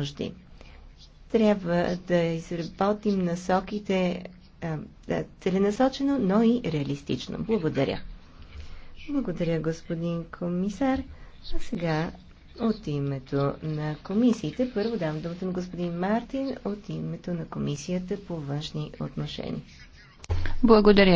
нужди. Трябва да изработим насоките целенасочено, но и реалистично. Благодаря. Благодаря, господин комисар. А сега от името на комисиите. Първо дам думата на господин Мартин от името на комисията по външни отношения. Благодаря.